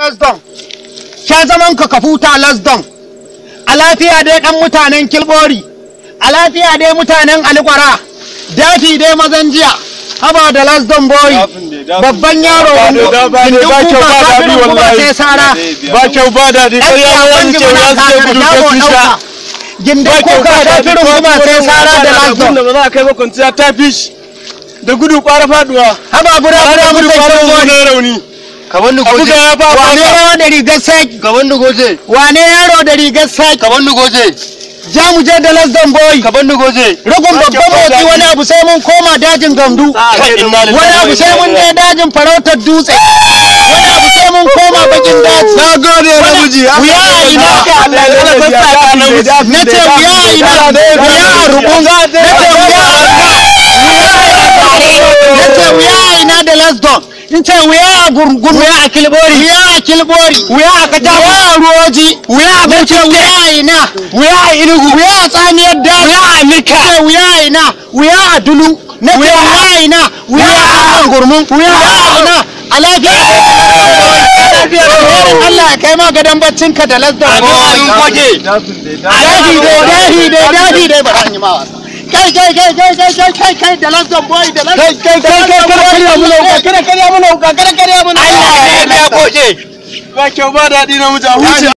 Lasdon, sha zaman ka ka futa Lasdon, a lafiya dai ɗan mutanen Kilbori, a lafiya dai mutanen Alikwara. dafi dai mazan jiya, haba da Lasdon boy! babban yaro wando, gindin kuma kafirin kuma sai sara. Ba kyau ba daɗi, sai ya wani ce ya zai gudu da su sha. Gindin kuka kafirin kuma sai sara da Lasdon. Ba za a kai makwanciya ta fish da gudu ƙwara faduwa. Haba gura gura mutan Kilbori. kaban dugo wane yaro da rigar saki kaban dugo wane yaro da rigar saki kaban mu je da lasdan boy kaban dugo ce babban motsi wani abu sai mun koma dajin gandu wani abu sai mun je dajin farautar dutse wani abu sai mun koma bakin daji na gode namiji wuya a ina ka Allah wuya a ina wuya a rubu just in ce wuya a gurgun wuya a kilbori wuya a kilbori wuya a wuya a roji wuya a wuya a ina wuya a inugu wuya a tsamiyar da wuya a wuya a ina wuya a dulu na wuya a ina wuya a wuya a ina Allah ya kai ma gadon baccin ka da kai kai kai da lasdar ba karkare mun Allah ya goge ba kyau ba daɗi na mutu a huce